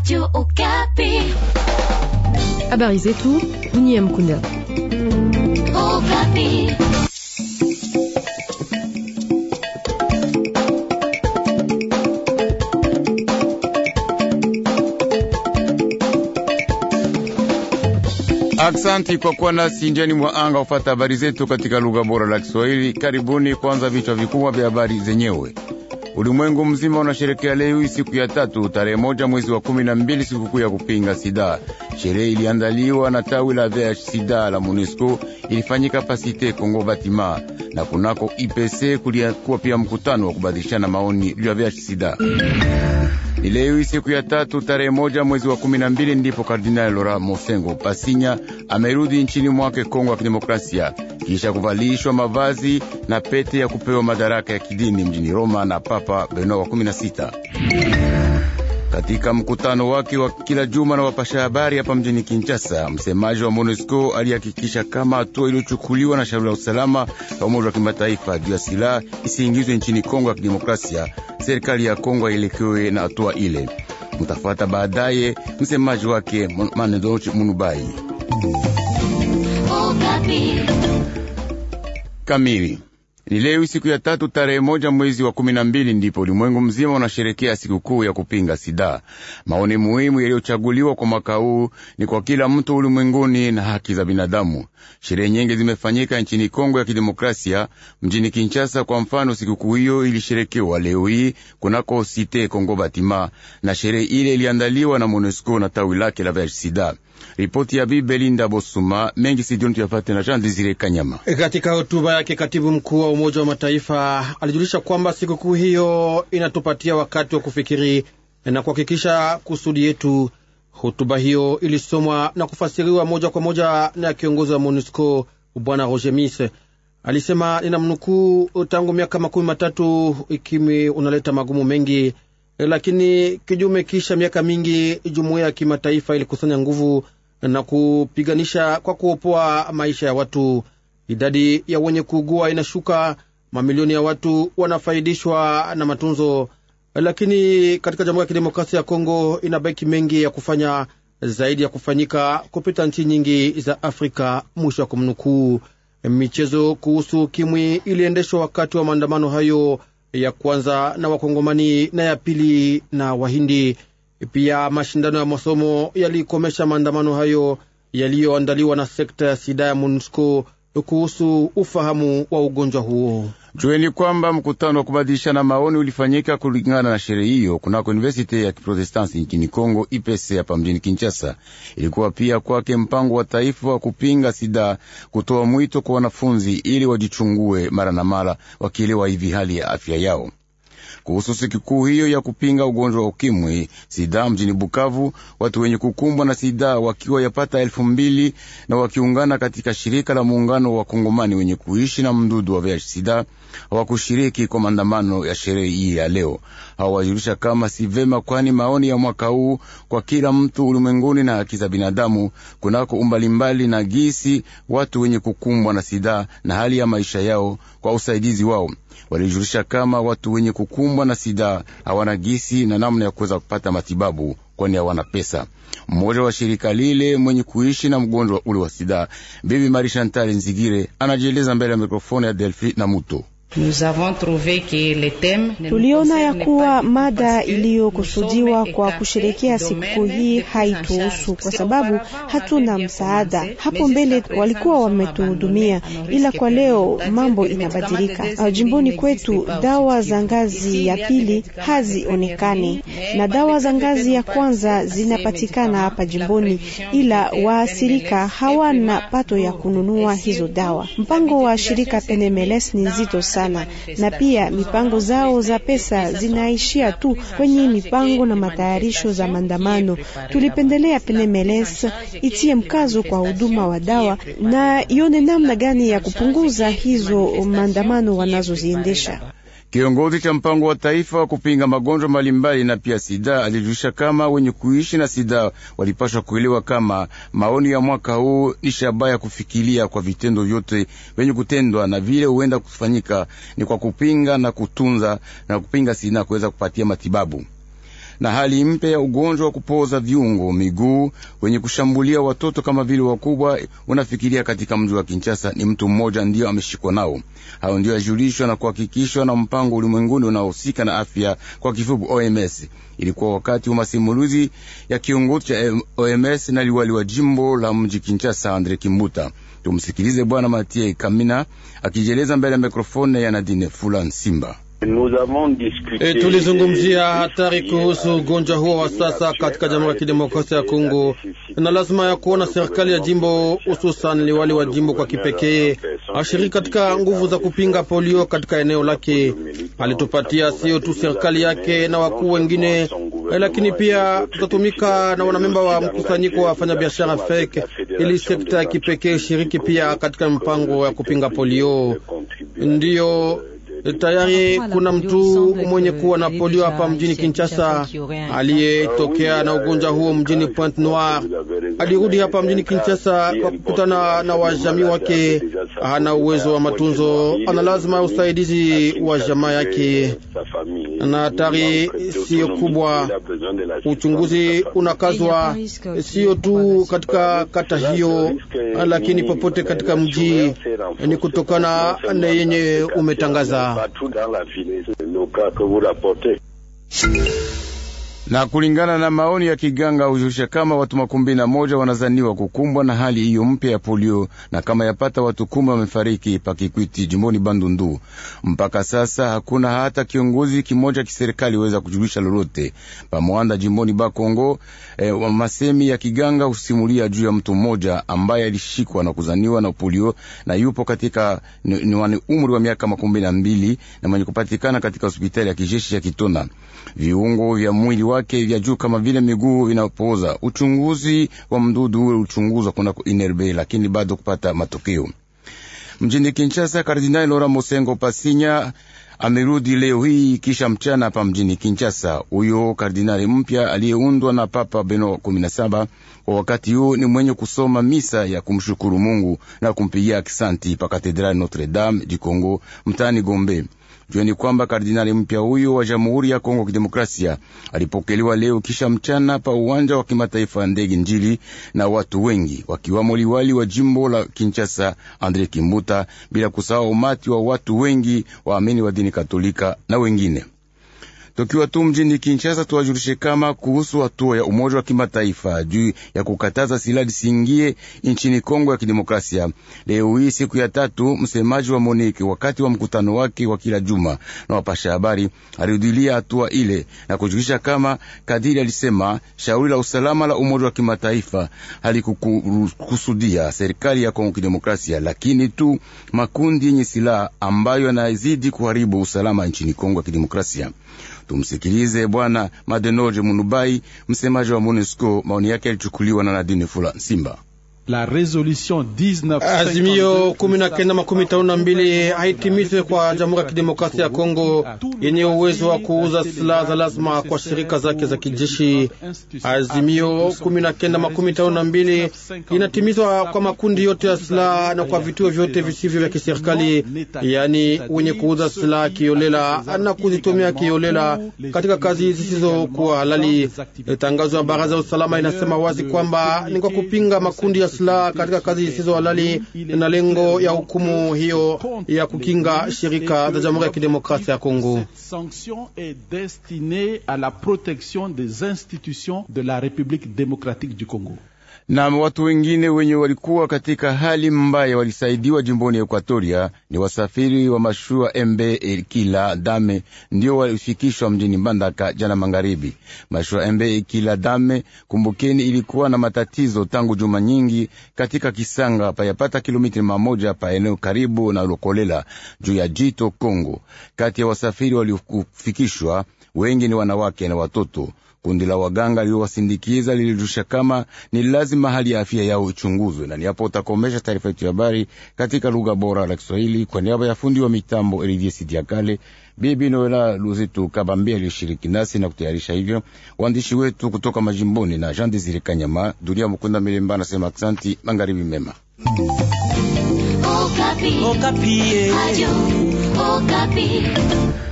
Radio Okapi. Habari zetu dunia mkunda. Okapi. Aksanti kwa kuwa nasi njiani mwa anga ufata habari zetu katika lugha bora la Kiswahili. Karibuni kwanza vichwa vikubwa vya habari zenyewe. Ulimwengu mzima unasherekea leo siku ya tatu tarehe moja mwezi wa kumi na mbili sikukuu ya kupinga sida. Sherehe iliandaliwa na tawi la vya sida la MONUSCO, ilifanyika pasite Kongo Batima, na kunako IPC kulikuwa pia mkutano wa kubadilishana maoni juu ya vya sida. Ni leo siku ya tatu tarehe moja mwezi wa kumi na mbili ndipo Kardinali Laurent Mosengo Pasinya amerudi nchini mwake Kongo ya Kidemokrasia kisha kuvalishwa mavazi na pete ya kupewa madaraka ya kidini mjini Roma na Papa Beno wa 16 katika mkutano wake wa kila juma na wapasha habari hapa mjini Kinshasa. Msemaji wa MONUSCO alihakikisha kama hatua iliyochukuliwa na shauri la usalama la Umoja wa Kimataifa juu ya silaha isiingizwe nchini Kongo ya Kidemokrasia, serikali ya Kongo aielekewe na hatua ile. Mutafuata baadaye msemaji wake Manedoci Munubai kamili ni leo siku ya tatu tarehe moja mwezi wa kumi na mbili ndipo ulimwengu mzima unasherekea sikukuu ya kupinga sida. Maoni muhimu yaliyochaguliwa kwa mwaka huu ni kwa kila mtu ulimwenguni na haki za binadamu. Sherehe nyingi zimefanyika nchini Kongo ya Kidemokrasia, mjini Kinshasa kwa mfano. Sikukuu hiyo ilisherekewa leo hii kunako Site Kongo Batima, na sherehe ile iliandaliwa na MONUSCO na tawi lake la Sida. Ripoti ya Bibi Belinda Bosuma mengi sijioni tuyafate na Jean Desire Kanyama. E, katika hotuba yake, katibu mkuu wa Umoja wa Mataifa alijulisha kwamba sikukuu hiyo inatupatia wakati wa kufikiri na kuhakikisha kusudi yetu. Hotuba hiyo ilisomwa na kufasiriwa moja kwa moja na kiongozi wa MONUSCO Bwana Roger Mise. Alisema, ninamnukuu, tangu miaka makumi matatu ukimwi unaleta magumu mengi Eh, lakini kinyume, kisha miaka mingi jumuiya ya kimataifa ilikusanya nguvu na kupiganisha kwa kuopoa maisha ya watu. Idadi ya wenye kuugua inashuka, mamilioni ya watu wanafaidishwa na matunzo, eh, lakini katika Jamhuri ya Kidemokrasia ya Kongo inabaki mengi ya kufanya, zaidi ya kufanyika kupita nchi nyingi za Afrika. Mwisho wa kumnukuu. Eh, michezo kuhusu ukimwi iliendeshwa wakati wa maandamano hayo ya kwanza na Wakongomani na ya pili na Wahindi. Pia mashindano ya masomo yalikomesha maandamano hayo yaliyoandaliwa na sekta ya sida ya MONUSCO kuhusu ufahamu wa ugonjwa huo. Jueni kwamba mkutano wa kubadilishana maoni ulifanyika kulingana na sherehe hiyo kunako Universite ya Kiprotestanti nchini Kongo, IPC hapa mjini Kinshasa. Ilikuwa pia kwake mpango wa taifa wa kupinga sida, kutoa mwito kwa wanafunzi ili wajichungue mara na mara, wakielewa hivi hali ya afya yao kuhusu sikukuu hiyo ya kupinga ugonjwa wa ukimwi sida mjini Bukavu, watu wenye kukumbwa na sida wakiwa yapata elfu mbili na wakiungana katika shirika la muungano wa Kongomani wenye kuishi na mdudu wa vya sida hawakushiriki kwa maandamano ya sherehe hii ya leo. Hawajulisha kama si vema, kwani maoni ya mwaka huu kwa kila mtu ulimwenguni na haki za binadamu kunako umbalimbali na gisi watu wenye kukumbwa na sida na hali ya maisha yao kwa usaidizi wao Walijulisha kama watu wenye kukumbwa na sida hawana gisi na namna ya kuweza kupata matibabu, kwani hawana pesa. Mmoja wa shirika lile mwenye kuishi na mgonjwa ule wa sida, Bibi Mari Shantale Nzigire, anajieleza mbele ya mikrofoni ya Delfi na Muto. Tuliona ya kuwa mada iliyokusudiwa kwa kusherekea sikukuu hii haituhusu kwa sababu hatuna msaada. Hapo mbele walikuwa wametuhudumia, ila kwa leo mambo inabadilika. Jimboni kwetu dawa za ngazi ya pili hazionekani na dawa za ngazi ya kwanza zinapatikana hapa jimboni, ila waathirika hawana pato ya kununua hizo dawa. Mpango wa shirika Penemeles ni nzito sana sana, na pia mipango zao za pesa zinaishia tu kwenye mipango na matayarisho za maandamano. Tulipendelea PNMLS itie mkazo kwa huduma wa dawa na ione namna gani ya kupunguza hizo maandamano wanazoziendesha. Kiongozi cha mpango wa taifa wa kupinga magonjwa mbalimbali na pia sida alijulisha kama wenye kuishi na sida walipashwa kuelewa kama maoni ya mwaka huu ni shabaha ya kufikiria kwa vitendo vyote wenye kutendwa na vile huenda kufanyika ni kwa kupinga na kutunza na kupinga sida kuweza kupatia matibabu na hali mpya ya ugonjwa wa kupoza viungo miguu wenye kushambulia watoto kama vile wakubwa unafikiria katika mji wa Kinshasa. Ni mtu mmoja ndiyo ameshikwa nao. Hayo ndiyo yajulishwa na kuhakikishwa na mpango ulimwenguni unaohusika na afya, kwa kifupi OMS. Ilikuwa wakati wa masimulizi ya kiongozi cha OMS na liwali wa jimbo la mji Kinshasa, Andre Kimbuta. Tumsikilize Bwana Matie Kamina akijieleza mbele ya mikrofone ya Nadine Fula Nsimba. E, tulizungumzia hatari kuhusu euh, ugonjwa huo wa sasa katika Jamhuri ya Kidemokrasia ya Kongo na lazima ya kuona serikali ya jimbo hususan liwali wa jimbo kwa kipekee ashiriki katika nguvu za kupinga polio katika eneo lake. Alitupatia sio tu serikali yake na wakuu wengine, lakini pia tutatumika na wanamemba wa mkusanyiko wa wafanyabiashara FEK ili sekta ya kipekee shiriki pia katika mpango ya kupinga polio. Ndiyo Eh, tayari kuna mtu mwenye kuwa na polio hapa mjini Kinshasa aliyetokea na ugonjwa huo mjini point noir Alirudi hapa mjini Kinshasa kwa kukutana na wajamii wake. Hana uwezo wa matunzo, ana lazima usaidizi wa jamaa yake na hatari siyo kubwa. Uchunguzi unakazwa siyo tu katika kata hiyo, lakini popote katika mji, ni kutokana na yenye umetangaza na kulingana na maoni ya kiganga hujulisha kama watu makumi na moja wanazaniwa kukumbwa na hali hiyo mpya ya polio, na kama yapata watu kumi wamefariki Pakikwiti, jimboni Bandundu. Mpaka sasa hakuna hata kiongozi kimoja kiserikali weza kujulisha lolote Pamwanda, jimboni Bakongo. E, eh, masemi ya kiganga husimulia juu ya mtu mmoja ambaye alishikwa na kuzaniwa na polio na yupo katika ni umri wa miaka makumi na mbili na mwenye kupatikana katika hospitali ya kijeshi ya Kitona. Viungo vya mwili wa wake vya juu kama vile miguu vinapooza. Uchunguzi wa mdudu ule uchunguzwa kunako inerbe, lakini bado kupata matokeo. Mjini Kinshasa, Kardinali Lora Mosengo Pasinya amerudi leo hii kisha mchana hapa mjini Kinshasa. Huyo kardinali mpya aliyeundwa na Papa Beno kumi na saba kwa wakati huu ni mwenye kusoma misa ya kumshukuru Mungu na kumpigia kisanti pa Katedrali Notre Dame di Congo mtaani Gombe. Jueni kwamba kardinali mpya huyo wa Jamhuri ya Kongo Kidemokrasia alipokelewa leo kisha mchana pa uwanja wa kimataifa ndege Njili na watu wengi wakiwamo liwali wa jimbo la Kinshasa Andre Kimbuta, bila kusahau umati wa watu wengi waamini wa dini Katolika na wengine. Tukiwa tu mjini Kinshasa, tuwajulishe kama kuhusu hatua ya Umoja wa Kimataifa juu ya kukataza silaha lisingie nchini Kongo ya Kidemokrasia. Leo hii siku ya tatu, msemaji wa monike wakati wa mkutano wake wa kila juma na wapasha habari alirudilia hatua ile na kujulisha kama kadiri alisema shauri la usalama la Umoja wa Kimataifa halikukusudia serikali ya Kongo Kidemokrasia, lakini tu makundi yenye silaha ambayo yanazidi kuharibu usalama nchini Kongo ya Kidemokrasia. Tumsikilize Bwana madenoje Munubai, msemaji wa MONUSCO. Maoni yake yalichukuliwa na Nadine Fula Simba. La resolution 19 azimio kumi na kenda makumi tano na mbili haitimizwe kwa Jamhuri ya Kidemokrasia ya Kongo yenye uwezo wa kuuza silaha za lazima kwa shirika zake za kijeshi. Azimio kumi na kenda makumi tano na mbili inatimizwa kwa makundi yote ya silaha na kwa vituo vyote visivyo vya kiserikali, yaani wenye kuuza silaha kiolela na kuzitumia kiolela katika kazi zisizokuwa halali. Tangazo ya Baraza ya Usalama inasema wazi kwamba ni kwa kupinga makundi ya silaha katika kazi zisizo halali na lengo ya hukumu hiyo ya kukinga shirika za Jamhuri ya Kidemokrasia ya Kongo na watu wengine wenye walikuwa katika hali mbaya walisaidiwa jimboni ya Ekuatoria. Ni wasafiri wa mashua MB Ekila Dame ndio walifikishwa mjini Mbandaka jana magharibi. Mashua MB Ekila Dame, kumbukeni, ilikuwa na matatizo tangu juma nyingi katika kisanga payapata kilomita mamoja pa eneo karibu na lokolela juu ya jito Kongo. Kati ya wasafiri waliofikishwa wengi ni wanawake na watoto. Kundi la waganga liliwasindikiza lilirusha kama ni lazima hali ya afya yao ichunguzwe, na niapo utakomesha taarifa yetu ya habari katika lugha bora la Kiswahili kwa niaba ya fundi wa mitambo Elivie Sidiakale, bibi Noela Luzitu Kabambia alishiriki nasi na kutayarisha hivyo, waandishi wetu kutoka majimboni na Jean Desire Kanyama. Dunia Mukunda Milemba anasema asanti, magharibi mema. Okapi. Okapi. Eh.